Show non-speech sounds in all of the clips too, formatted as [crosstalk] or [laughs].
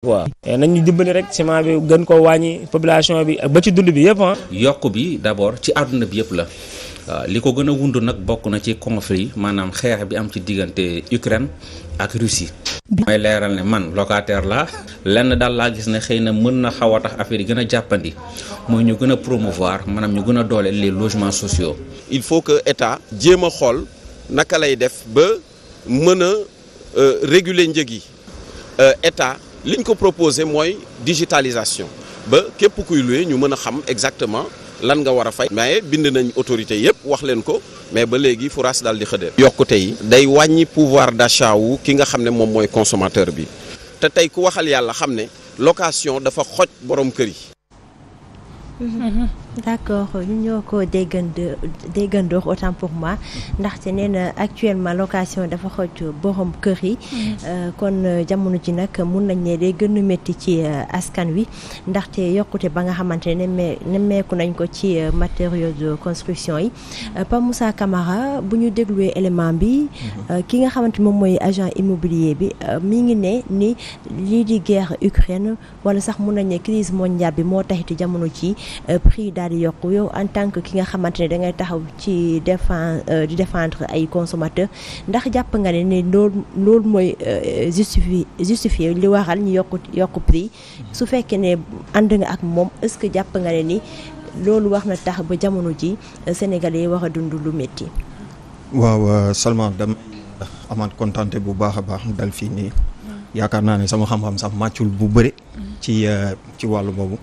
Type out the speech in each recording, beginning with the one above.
waaw eh, nañu dimbali rek ciment bi gën ko wàññi population bi ba ci dund bi yëpp ah. yokk bi d'abord ci àdduna bi yëpp la ah, li ko gën a wund nag bokk na ci conflit maanaam xeex bi am ci diggante Ukraine ak Russie. may leeral ne man locataire la lenn daal laa gis ne xëy na mën na xaw a tax affaire gën a jàppandi mooy ñu gën a promouvoir maanaam ñu gën a dooleel les logements sociaux. il faut que état jéem a xool naka lay def ba mën a euh, réguler njëg yi euh, état. liñ ko proposé mooy digitalisation ba képp kuy loué ñu mën a xam exactement lan nga war a fay. mais bind nañ autorité yëpp wax leen ko mais ba léegi foras daal di xëdër. yokkute yi day wàññi pouvoir d'achat wu ki nga xam ne moom mooy consommateur bi te tey ku waxal yàlla xam ne location dafa xoj boroom kër yi. Mm-hmm. d'accord ñu ñoo ko déggandoo déggandoo autant pour moi ndaxte nee na actuellement location dafa xoj borom kër yi. Mm. Euh, kon euh, jamono ji nag mun nañ ne day gën a métti ci euh, askan wi ndaxte yokkute ba nga xamante ne nemmeeku nañ ko ci matériaux de construction yi. Pa Moussa Camara bu ñu dégluwee élément bi. Mm-hmm. ki nga xamante moom mooy agent immobilier bi mi ngi ne ni lii di guerre Ukraine wala sax mun nañ ne crise mondiale bi moo taxit jamono ci prix daal di yow en tant que ki nga xamante ne dangay taxaw ci défense euh, di défendre ay consommateurs ndax jàpp nga ne ne loolu loolu mooy justifié euh, justifié li waral ñu yokku yokku prix su fekkee ne ànd nga ak moom est-ce que jàpp nga ne ni loolu wax na tax ba jamono ji euh, Sénégalais wax a dund lu métti. waaw Salma dama amaat kontaan bu baax a baax dal fii nii yaakaar naa ne sama xam-xam sax màccul bu bëri. ci ci wàllu boobu.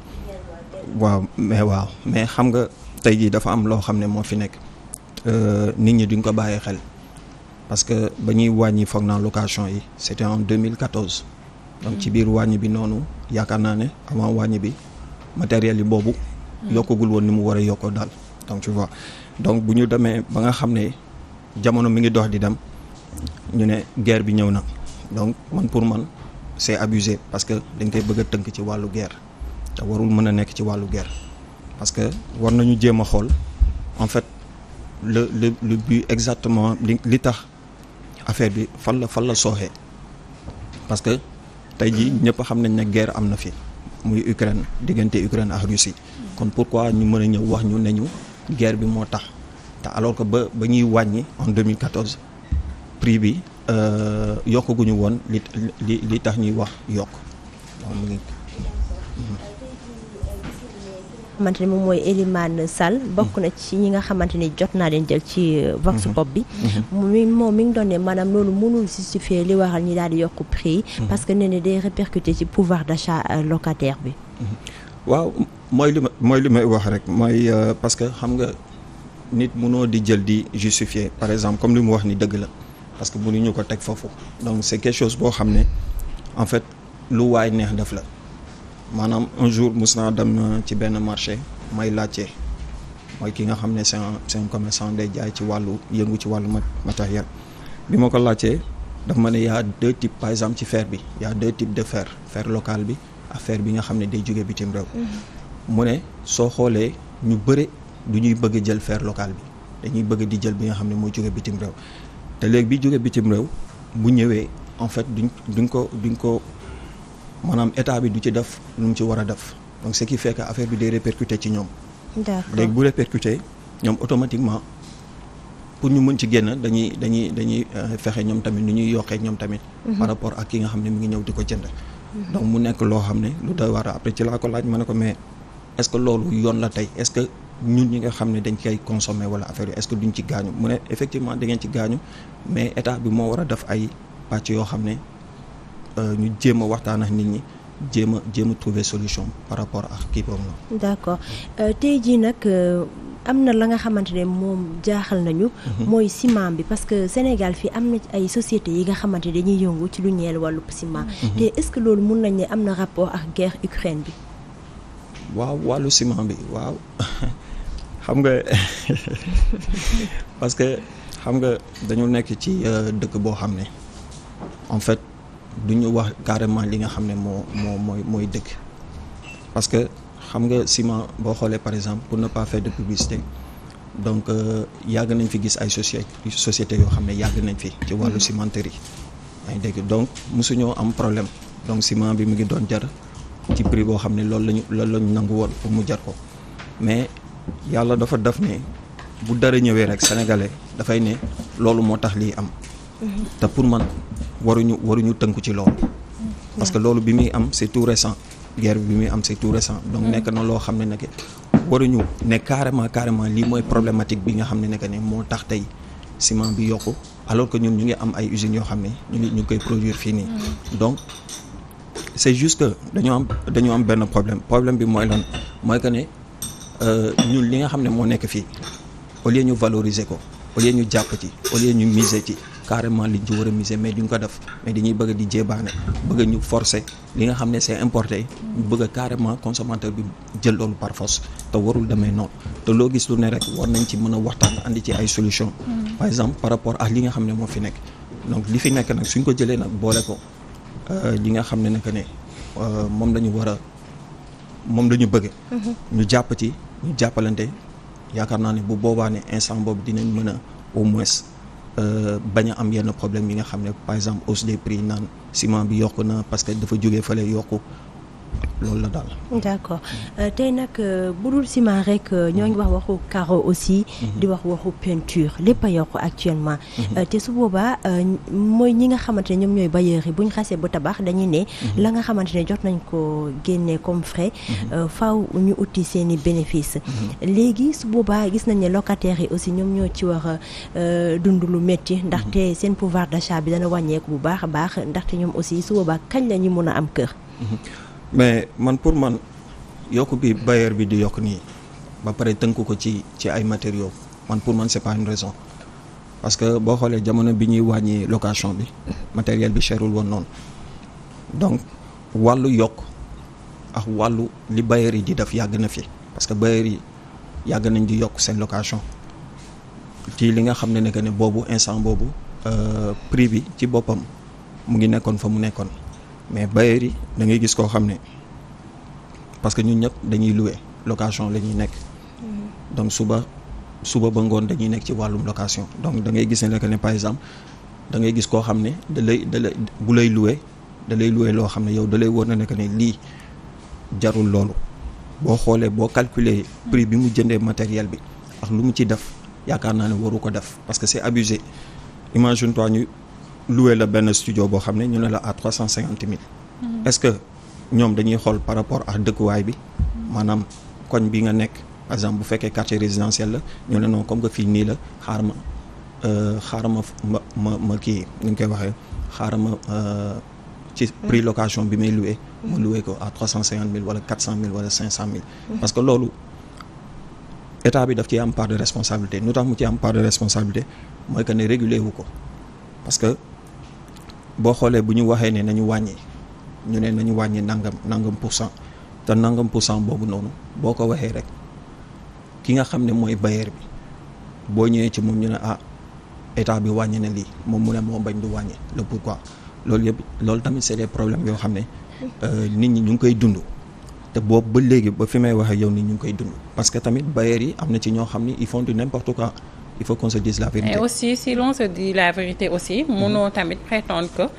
waaw mais waaw mais xam nga tey jii dafa am loo xam ne moo fi nekk euh, nit ñi duñ ko bàyyi xel parce que ba ñuy wàññi foog naa location yi c'était en 2014. donc ci hmm. biir wàññi bi noonu yaakaar naa ne avant wàññi bi matériel yi boobu. Hmm. yokkagul woon ni mu war a yokkoo daal donc tu vois donc bu ñu demee ba nga xam ne jamono mi ngi dox di dem ñu ne guerre bi ñëw na donc man pour man c'est abusé parce que dañ koy bëgg a tënk ci wàllu guerre. te warul mën a nekk ci wàllu guerre parce que war nañu jéem a xool en fait le le le but exactement li li tax affaire bi fan la fan la sooxee parce que tey jii ñëpp xam nañ ne guerre am na fi muy Ukraine diggante Ukraine ak Russie kon pourquoi ñu mën a ñëw wax ñu ne ñu guerre bi moo tax te alors que ba ba ñuy wàññi en 2014 prix bi euh, yokk gu woon li li tax ñuy wax yokk. xamante ne moom mooy Elimane Sall mm-hmm. bokk na ci ñi nga xamante ni jot naa leen jël ci uh, vox mm-hmm. pop bi mm-hmm. mi moom mi ngi doon ne maanaam loolu mënul justifier li waral ñi daal di yokk prix parce que nee ne day répercuter ci pouvoir d'achat uh, locataire bi waaw mooy li ma mooy li may wax rek mooy uh, parce que xam nga nit mënoo di jël di justifier par exemple comme li mu wax ni dëgg la parce que ñu ko teg foofu donc c'est quelque chose boo xam ne en fait lu waay neex def la maanaam un jour mus naa dem euh, ci benn marché may laajte mooy ki nga xam ne c'est un c'est day jaay ci wàllu yëngu ci wàllu ma matériel bi ma ko laajtee daf ma ne y a deux types par exemple ci fer bi y a deux types de fer fer local bi ak fer bi nga xam ne day jóge bitim réew mhm. mu ne soo xoolee ñu bëre du ñuy bëgg jël fer local bi dañuy bëgg di jël bi nga xam ne mooy jóge bitim réew te léegi bi jóge bitim réew bu ñëwee en fait duñ duñ ko duñ ko maanaam état bi du ci def lu mu ci war a def donc ce qui fait affaire bi day répercuté ci ñoom. d'accord bu répercuté ñoom automatiquement pour ñu mën ci génn dañuy dañuy dañuy euh, fexe ñoom tamit nu ñuy yokkee ñoom tamit. Mhm. par rapport ak ki nga xam ne mi ngi ñëw di ko jënd. Mhm. donc mu nekk loo xam ne lu doy waar après ci laa ko laaj ma ne ko mais est-ce loolu yoon la tey est-ce que. ñun ñi nga xam ne dañ koy consommer wala affaire yi est duñ ci gaañu mu ne effectivement da ngeen ci gaañu mais état bi moo war a def ay pàcc yoo xam ne Euh, ñu jéem a waxtaan ak nit ñi jéem a jéem a solution par rapport ak kii boobu la. d'accord euh, tey jii nag euh, am na la nga xamante ne moom jaaxal nañu. Mhm. mooy siman bi parce que Sénégal fii am na ay sociétés yi nga xamante dañuy yongu ci lu ñeel wàllu ciment. Mhm. te ce que loolu mun nañ ne am na rapport ak guerre Ukraine bi. wàllu ciment bi waaw [laughs] xam nga [laughs] parce que xam nga dañu nekk ci dëkk boo xam ne en fait. du ñu wax carrément li nga xam ne moo moo mooy mooy dëgg parce que xam nga ciment boo xoolee par exemple pour na pas faire de publicité donc euh, yàgg nañ fi gis ay soci société yoo xam ne yàgg nañ fi ci wàllu cimenterie yi ay dégg donc mosuñoo am problème donc ciment bi mu ngi doon jar ci prix boo xam ne loolu lañu loolu lañu nangu woon pour mu jar ko mais yàlla dafa def ne bu dara ñëwee rek sénégalais dafay ne loolu moo tax lii am mm-hmm. te pour man waruñu waruñu tënku ci loolu. parce que loolu bi muy am c'est tout récent. guerre bi muy am c'est tout récent. donc mm. nekk na loo xam ne nag waruñu ne carrément carrément lii mooy problématique bi nga xam ne que nii moo tax tey ciment bi yokku alors que ñun ñu ngi am ay usines yoo xam ne ñu ñu koy produire fii nii. Mm. donc c'est juste que dañoo am dañoo am benn problème problème bi mooy lan mooy que ne euh, ñun li nga xam ne moo nekk fii au lieu ñu valoriser ko au lieu ñu jàpp ci au lieu ñu miser ci. carrément liñ ci war a miser mais duñ ko def mais dañuy bëgg di jéebaane bëgg ñu li nga xam ne c'est importé ñu bëgg bi jël loolu par force te warul demee noonu te loo gis ne rek war nañ ci mën a waxtaan andi ci ay solution hmm. par exemple par rapport ak li nga xam ne moo fi nekk donc li fi nekk nag suñ ko jëlee nag boole ko euh, li nga xam ne nag ne euh, moom lañu war a moom lañu bëgg hmm. ñu jàpp ci ñu jàppalante yaakaar naa ne bu boobaa ne instant boobu dinañ mën a au moins Euh, bañ a am yenn problème yi nga xam ne par exemple hausse des prix naan ciment bi yokk na parce que dafa jógee fële yokku loolu la daal. d' accord euh, tey nag euh, bu dul ciment rek euh, ñoo ngi wax waxu carreau aussi. Mhm. di wax waxu peinture lépp a yokk actuellement. Mhm. te su boobaa mooy ñi nga xamante ne ñoom ñooy bailleurs yi bu ñu xasee ba tabax dañu ne. Mhm. la nga xamante ne jot nañ ko génnee comme frais. faaw ñu uti seen i bénéfice. léegi su boobaa gis nañ ne locataires yi aussi ñoom ñoo ci wax dund lu métti. ndaxte seen pouvoir d' achat bi dana wàññeeku bu baax a baax ndaxte ñoom aussi su boobaa kañ la ñu mun a am kër. mais man pour man yokk bi bailleur bi di yokk nii ba pare tënk ko ci ci ay matério man pour man c'est pas une raison parce que boo xoolee jamono bi ñuy wàññi location bi matériel bi cherul woon noonu donc wàllu yokk ak wàllu li bailleur yi di def yàgg na fi parce que bailleur yi yàgg nañ di yokk seen location ci li nga xam ne ne ne boobu instant boobu euh, prix bi ci boppam mu ngi nekkoon fa mu nekkoon mais bailleurs yi da ngay gis koo xam ne parce que ñun ñëpp dañuy louer location la ñuy nekk. Mm-hmm. donc suba suba ba ngoon dañuy nekk ci wàllum location donc da ngay gis ne que ne par exemple dangay gis koo xam ne da lay da lay bu lay louer da lay louer loo xam ne yow da lay wóor na ne que ne lii jarul loolu boo xoolee boo calculer prix bi mu jëndee matériel bi ak lu mu ci def yaakaar naa ne waru ko def parce que c'est abusé imagine loué la benn studio boo xam ne ñu ne la à trois cent cinquante mille mm. est-ce que ñoom dañuy xool par rapport ak dëkkuwaay bi mm. maanaam koñ bi nga nekk par exemple bu fekkee quartier résidentiel la ñoo ne non comme que fii nii la xaar ma euh, xaar ma ma ma kii nu ñu koy waxee xaar ma euh, ci mm. prix location bi may loué ma loué ko à trois cent cinquante mille wala quatre cent mille wala cinq cent mille parce que loolu état bi daf ci am part de responsabilité lu tax mu ci am part de responsabilité mooy que ne réguler wu ko boo xoolee bu ñu waxee ne nañu wàññi ñu ne nañu wàññi nangam nangam pour cent te nangam pour cent boobu noonu boo ko waxee rek ki nga xam ne mooy bailleur bi boo ñëwee ci moom ñu ne ah état bi wàññi na lii moom mu ne moo bañ du wàññi la pour pourquoi loolu yëpp loolu tamit c'est des problèmes yoo xam ne euh, nit ñi ñu ngi koy dund te boobu ba léegi ba fi may waxee yow nit ñu ngi koy dund parce que tamit bailleur yi am na ci ñoo xam ni ils font du n'importe quoi il faut qu'on se dise la vérité. aussi si l'on se dit la vérité aussi. mënoo mhm. tamit prétendre que. Mhm.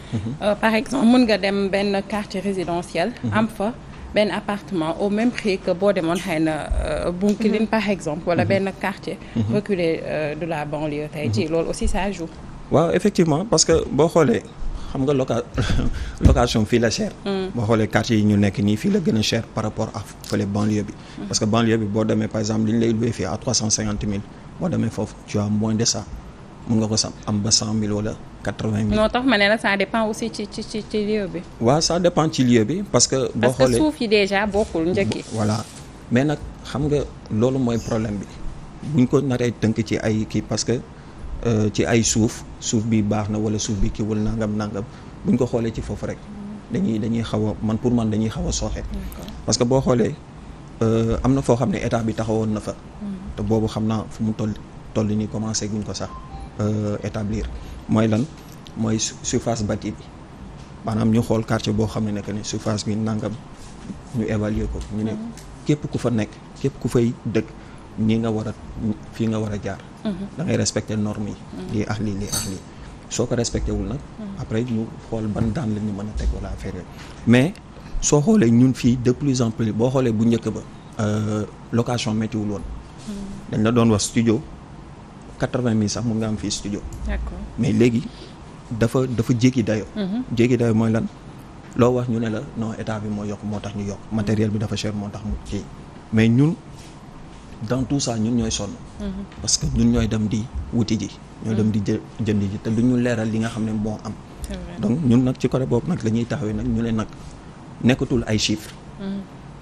Euh, par exemple mën nga dem benn quartier résidentiel. Mhm. am fa. benn appartement au même prix que boo demoon xëy na euh, Bunkiling par exemple wala voilà, mm -hmm. benn quartier mm -hmm. reculé euh, de la banlieue tey jii loolu aussi ça joue waaw effectivement parce que boo xoolee xam nga loca [laughs] location fii la cher mm. boo xoolee quartier yi ñu nekk nii fii la gën a cher par rapport à fële banlieue bi mm. parce que banlieue boo demee foofu tu as moins de sa mun nga ko sam am ba cent mille wala quatre vingt mille. moo tax ma ne la sa dépend aussi ci ci ci ci lieu bi. waaw ça dépend ci lieu bi parce que. boo xoolee parce que suuf yi déjà bokkul njëkk yi. voilà mais nag xam nga loolu mooy problème bi buñ ko naree tënk ci ay kii parce que euh, ci ay suuf suuf bi baax na wala suuf bi kiwul nangam nangam buñ ko xoolee ci foofu rek. dañuy dañuy xaw man pour man dañuy xaw a sooxe. parce que boo xoolee euh, am na foo xam ne état bi taxawoon na fa. Hmm. te boobu xam naa fu mu toll toll nii commencé guñ ko sax euh, établir mooy lan mooy surface bati bi maanaam ñu xool quartier boo xam ne nekk ni surface bi nangam ñu évaluer ko ñu ne mm-hmm. képp ku fa nekk képp ku fay dëkk nii nga war a fii nga war a jaar mm-hmm. da ngay respecter yi mm-hmm. lii ax lii lii soo ko respecté wul nag après ñu xool ban daan la ñu mën a teg wala affaire mais soo xoolee ñun fii de plus en plus boo xoolee bu njëkk ba euh, location méttiwul woon dañ la doon wax studio quatre-vingt mille sax mun nga am fii studio. d'accord mais léegi dafa dafa jéggi dayo mhm. jéggi dayo mooy lan loo wax ñu ne la non état bi moo yokk moo tax ñu yokk mhm. matériel bi dafa cher moo tax mu kii mais ñun dans tout ça ñun ñooy sonn. Mhm. parce que ñun ñooy dem di wuti ji. ñooy dem di jë jënd ji te du ñu leeral li nga xam ne moo am. donc ñun nag ci côté boobu nag la ñuy taxawee nag ñu ne nag nekkatul ay chiffres.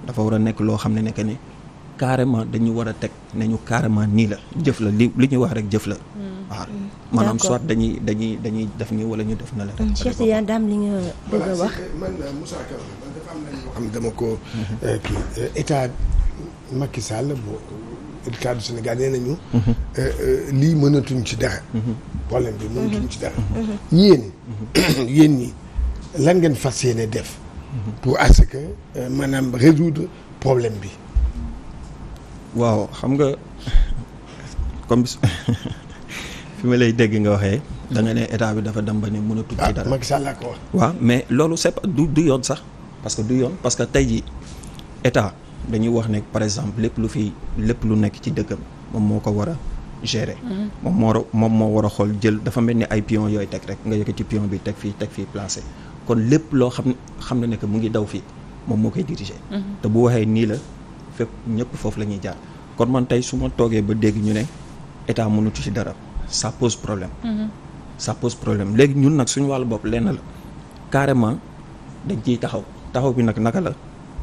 dafa war a nekk loo xam ne nekk ne. carrément dañu war a teg nañu carrément nii la jëf la li li ñuy wax rek jëf la. Hmm. waaw hmm. maanaam soit dañuy dañuy dañuy def nii wala ñu def na la. Hmm, Cheikh Tidiane daam li nga bëgg a wax. man euh, Moussa Ka man dafa am nañu xam mhm. euh, euh, mhm. mënatuñ ci dara. Mhm. problème bi mënatuñ ci dara. yéen yéen ñi lan ngeen fas yéene def. pour à que maanaam résoudre problème bi. waaw xam nga comme [laughs] fi ma lay dégg nga waxee. da nga ne état bi dafa dem ba ne mën a ah, tukki dara Macky Sall waaw mais loolu c'est du du yoon sax parce que du yoon parce que tey jii état dañuy wax ne par exemple lépp lu fi lépp lu nekk ci dëkkam moom moo ko war a gérer. Mm-hmm. moom moo war moom moo war a xool jël dafa mel ni ay pion yooyu teg rek nga yëkkati ci pion bi teg fii teg fii placé kon lépp loo xam ne xam na ne que mu ngi daw fii moom moo koy diriger. Mm-hmm. te bu waxee nii la. fépp ñëpp foofu la ñuy jaar kon man tey su ma toogee ba dégg ñu ne état mënatu ci dara ça pose problème. Mhm. ça pose problème léegi ñun nag suñu wàllu bopp lenn la carrément dañ ciy taxaw taxaw bi nag naka la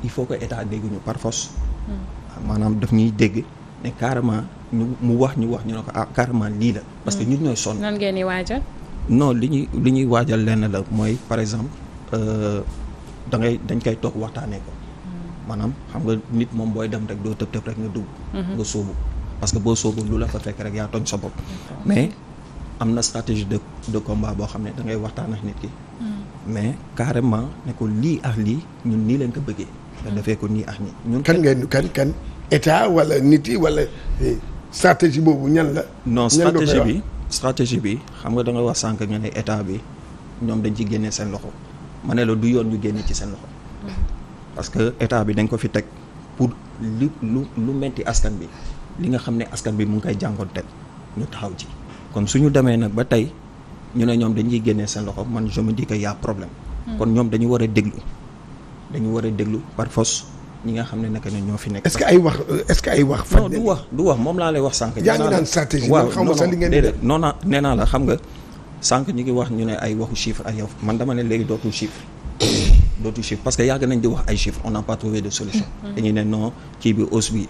il faut que état dégg ñu par force. Mhm. Ah, maanaam daf ñuy dégg ne carrément ñu mu wax ñu wax ñu ne ko ah carrément lii la. parce que mhm. ñun ñooy sonn. nan ngeen di waajal. non li ñuy li ñuy waajal lenn la mooy par exemple euh, da ngay dañ koy toog waxtaanee ko. maanaam xam nga nit moom booy dem rek doo tëb tëb rek nga dugg. Mhm. nga sóobu parce que boo sóobu lu la fa fekk rek yaa tooñ sa mais am na stratégie de de combat boo xam ne da ngay waxtaan ak nit ki. Mhm. mais carrément ne ko lii ak lii ñun nii leen ko bëggee. nga mhm. defee ko nii ak nii. ñun kan ngeen kan kan état wala nit yi wala eh, stratégie boobu ñan la. non stratégie bi stratégie bi xam nga dangay wax sànq nga ne état bi ñoom dañ ci génne seen loxo ma ne la du yoon ñu génne ci seen parce que état bi dañ ko fi teg pour lu lu metti askan bi li nga xam ne askan bi mu ngi koy jàngoon teg ñu taxaw ci. kon suñu demee nag ba tey ñu ne ñoom dañuy génnee seen loxo man je me dis que y a problème. Hmm. kon ñoom dañu war a déglu dañu war a déglu par force. ñi nga xam ne naka ne ñoo fi nekk. est que ay wax est-ce que ay wax. non du wax du wax moom laa lay wax sànq. yaa ngi naan stratégie waaw xaw ma sax li ngeen di nee naa la nga sànq ñu ngi wax ñu ne ay waxu chiffre ay yow man dama ne léegi dootul chiffre. d'autres chiffres parce que yàgg nañ di wax ay chiffres on a pas trouvé de solution. dañuy ne non kii bi hausse bi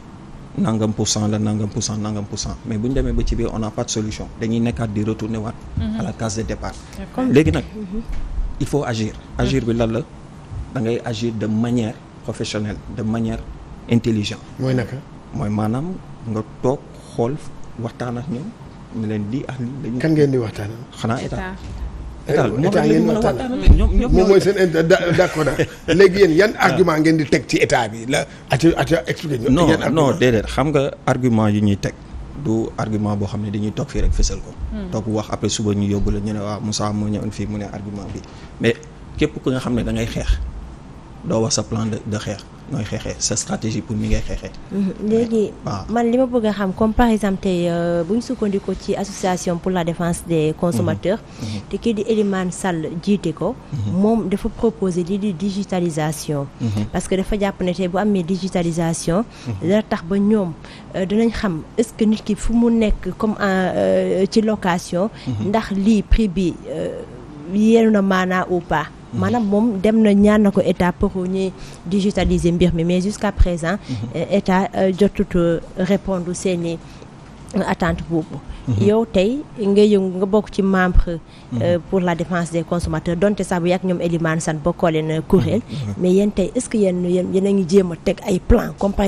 nangam pour cent la nangam pour cent nangam pour cent mais bu ñu demee ba ci biir on n'a pas de solution dañuy nekkaat di retourner waat. Mhm. à la case de départ. léegi nag mhm. il faut agir. agir bi lan la da ngay agir de manière professionnelle de manière intelligente. mooy naka. mooy maanaam nga toog xool waxtaan ak ñu leen di ak. lañu kan ngeen di waxtaan. xanaa Eh, état bi ngeen waxtaan moom mooy seen d'accord [laughs] léegi yan ah. argument ngeen di teg ci état bi la ati ati expliqué ñu non non déedéet xam nga argument yi ñuy teg du argument boo xam ne dañuy toog fii rek fësal ko hmm. toog wax après suba ñu yóbbu la ñu ne waaw Moussa moo ñëwoon fii mu ne argument bi mais képp ku nga xam ne da ngay xeex doo wax sa plan de de xeex nooy xeexee sa stratégie pour mi ngay xeexee. Mhm. léegi man li ma bëgg a xam comme par exemple tey euh, bu ñu sukkandikoo ci association pour la defence des consommateurs. Mhm. Mhm. te kii di Elimane Sall jiite ko. moom dafa proposer lii di digitalisation. parce que dafa jàpp ne tey bu amee digitalisation. dana tax ba ñoom euh, dinañ xam est-ce que nit ki fu mu nekk comme euh, ci location. ndax lii prix bi yeenu na maanaa ou pas. maanaam moom dem na ñaan na ko état pour ñu digitaliser mbir mi mais jusqu'à présent mhm. état euh, jotut euh, répondre seeni attente boobu Mm-hmm. yow tey nga yëngu nga bokk ci membre euh, mm-hmm. pour la défense des consommateurs donte sax bu yàgg ñoom Elimane Sane bokkoo leen euh, kuréel mm-hmm. mais yéen tey est-ce que yéen yéen yéen a ngi jéem a teg ay plan comme par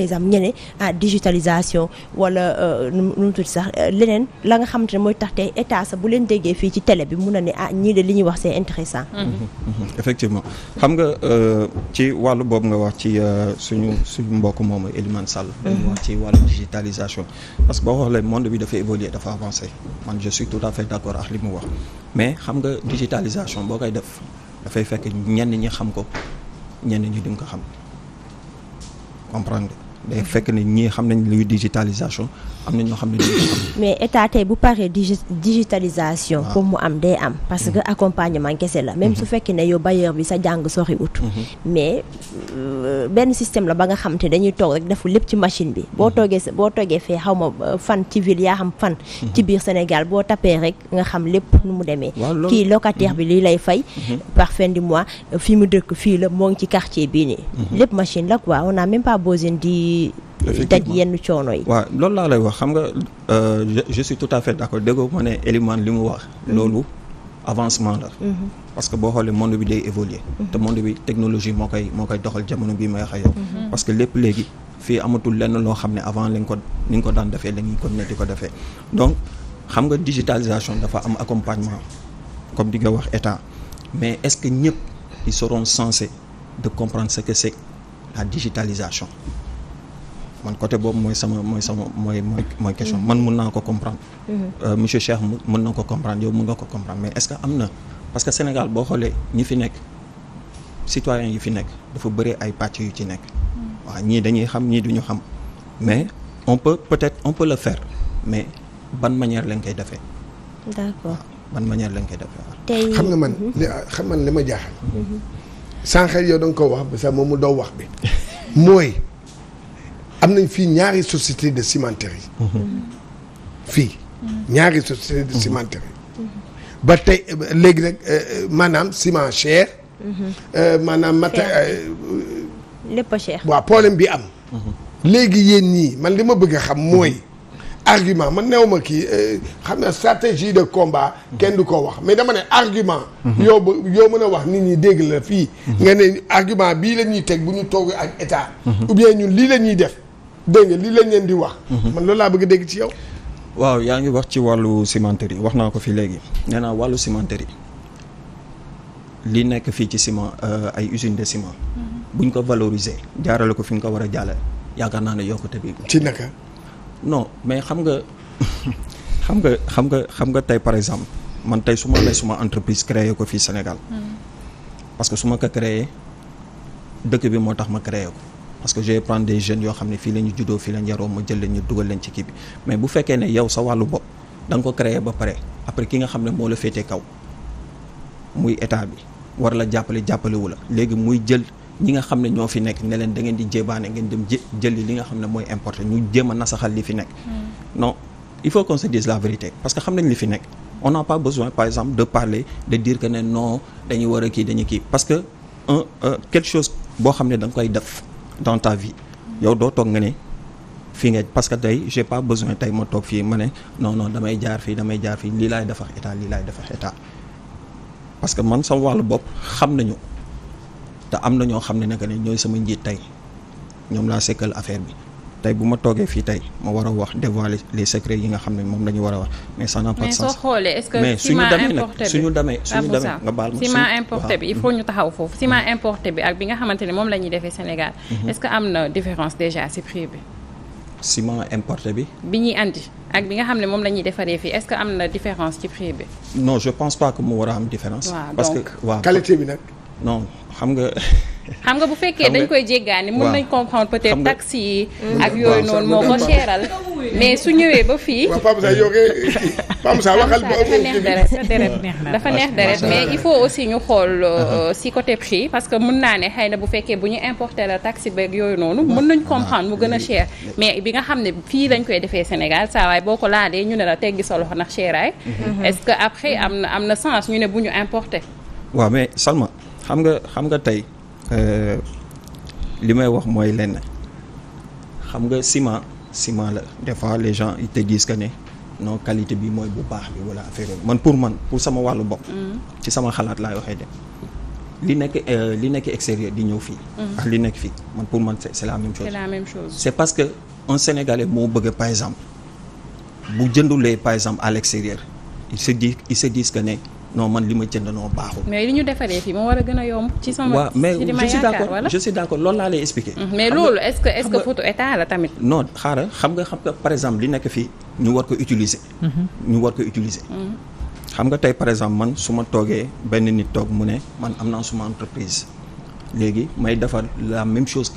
ah, digitalisation wala euh, nu mu tudd sax leneen la nga xamante ne mooy tax tey état sax bu leen déggee fii ci télé bi mun a ni ah ñii de li ñuy wax c'est intéressant effectivement xam nga ci wàllu boobu nga wax ci suñu suñu mbokk moomu Elimane Sall dañu wax ci wàllu digitalisation parce que boo xoolee monde bi dafa évoluer dafa avancé man je suis tout à fait d' accord ak li mu wax mais xam nga digitalisation boo koy def dafay fekk ñenn ñi xam ko ñenn ñi duñ ko xam comprendre day fekk ne ñii xam nañ luy digitalisation am na ñoo xam ne [coughs] mais état tey bu paree digi digitalisation. Ah. pour mu am day am. parce que mm-hmm. accompagnement kese la. même su mm-hmm. fekkee ne yow bailleur bi sa jàng sori wut. Mm-hmm. mais euh, benn système la ba nga xam te dañuy toog rek defu lépp ci machine bi. boo toogee sa boo toogee fee xaw ma euh, fan ci ville yaa xam fan. ci biir Sénégal boo tappee rek nga xam lépp nu mu demee. kii locataire bi lii lay fay. par fin mois fi mu dëkk fii la moo ngi ci quartier bii nii. di daj yenn coono yi waaw loolu laa lay wax xam nga euh, je tout à fait d'accord déggoo ma ne Elimane li mu wax mhm. loolu avancement la mhm. parce que boo xoolee monde bi day évoluer mhm. te monde bi technologie moo koy moo koy doxal jamono bii ma wax yow parce que lépp léegi fii amatul lenn loo xam ne avant lañ ko ni nga ko daan defee la ko ne di ko defee donc xam nga digitalisation dafa am accompagnement comme di nga wax état mais est-ce que ñëpp ils seront censés de comprendre que c'est la man côté boobu mooy sama mooy sama mooy mooy mooy question man mun naa ko comprendre mhm. euh, monsieur Cheikh mun na ko comprendre yow mun nga ko comprendre mais est am na parce que Sénégal boo xoolee ñi fi nekk citoyens yi fi nekk dafa bëri ay pàcc yu ci nekk mhm. waaw ñii dañuy xam ñii duñu xam mais on peut peut-être on peut le faire mais ban manière lañ koy defee d'accord ban manière lañ koy defee mhm. xam nga man li xam li ma jaaxal sànq yow da ko wax bi sax moom mu doo wax bi mooy am nañ fii ñaari société de cimenterie fii ñaari société de cimenterie ba tey léegi nag euh, euh, maanaam ciment cher euh, maanaam mat lépp a cher waa problème bi am léegi yéen ñii man li ma bëgg xam mooy argument man new ma kii xam na stratégie de combat kenn du ko wax mais dama ne argument yow yow mën a wax nit ñi dégg la fii nga ne argument bii la ñuy teg bu ñu toog ak état mhm. ou bien ñun lii la ñuy def dégg nga lii lañ leen di wax. Mhm. man loolu laa bëgg dégg ci yow. waaw yaa ngi wax ci wàllu cimenterie wax naa ko fi léegi nee naa wàllu cimenterie li nekk fii ci ciment euh, ay usine de ciment. Mhm. buñ ko valoriser jaarale ko fi nga ko war a jàllale yaakaar naa ne yokkute bi. ci naka. non mais xam nga [laughs] xam nga xam nga xam nga tey par exemple man tey su ma lay suma entreprise créé ko fii Sénégal. Mhm. parce que su ma ko créé dëkk bi moo tax ma créer ko. parce que je vais prendre des jeunes yoo xam ne fii la ñu juddoo fii la ñu yaroo ma jël leen ñu dugal leen ci kii bi mais bu fekkee ne yow sa wàllu bopp da ko créer ba pare après ki nga xam ne moo la féetee kaw muy état bi war la jàppale jàppalewu la léegi muy jël ñi nga xam ne ñoo fi nekk ne leen da ngeen di jébaane ngeen dem jë jëli li nga xam ne mooy importé ñu jéem a nasaxal li fi nekk. Hmm. non il faut qu'on se dise la vérité parce que xam nañ li fi nekk. on n'a pas besoin par de parler de dire ne non dañuy war a kii dañuy kii parce que un euh, quelque boo xam ne da nga koy def. dans ta vie yow doo toog nga ne fii nga parce que tey j'ai pas besoin tey ma toog fii ma ne non damay jaar fii damay jaar fii lii laay defar état lii laay defar état parce que man sama wàllu bopp xam nañu te am na ñoo xam ne naka ne ñooy sama njiit tey ñoom laa sekkal affaire bi tey bu ma toogee fii tey ma war a wax dévoiler les secrets yi nga xam ne moom la war a wax mais ça n'a pas de sens mais soo xoolee est-ce ah, nga baal ma ciment importé bi il faut ñu taxaw foofu ciment importé bi ak bi nga xamante ne moom la ñuy defee Sénégal mhm. est-ce que am na différence déjà ci prix bi ciment importé bi bi ñuy indi ak bi nga xam ne moom la ñuy defaree fii est-ce que am na différence ci prix bi non je pense pas que mu war a am différence parce que waaw qualité bi nag non xam nga. xam nga bu fekkee dañ koy jéggaani mën nañ comprendre peut-être taxi yi. Mm. ak yooyu noonu moo ko seeral. mais su ñëwee ba fii. waaw Pape Moussa yow Pape neex deret dafa neex deret mais il faut aussi ñu xool euh, uh-huh. euh, si côté prix. parce que mën naa ne xëy na bu fekkee bu ñu importer la taxi beeg yooyu noonu mën nañ comprendre mu gën a cher. mais bi nga xam ne fii lañ koy defee Sénégal saa waay boo ko laalee ñu ne la teggi sa loxo ndax cheraay. Uh-huh. est-ce que après am na am na sens ñu ne bu ñu importer. waaw mais Salma. xam nga xam nga tey euh, li may wax mooy lenn xam nga ciment ciment la des fois les gens ils te disent ne non qualité bi mooy bu baax bi wala affaire man pour man pour sama wàllu bopp. Mm. ci sama xalaat laay waxee dem li nekk euh, li nekk extérieur di ñëw fii. Mm. ak li nekk fii man pour man c'est la même chose. c'est parce que un Sénégalais moo bëgg par exemple bu jëndulee par exemple à l'extérieur il se dit il se dit que ne. non man li ma jënd noo baaxul. mais li ñu defaree fii moo war a gën a yomb. ci sama ma yaakaar wala je suis d' accord loolu laa lay expliquer. Mm-hmm. mais loolu est ce que photo état la tamit. non xaaral xam nga xam nga par exemple li nekk fii ñu war ko utiliser. Mm-hmm. ñu war ko utiliser. Mm-hmm. xam nga tey par exemple man su ma toogee benn nit toog mu ne man am naa suma entreprise léegi may defar la même chose.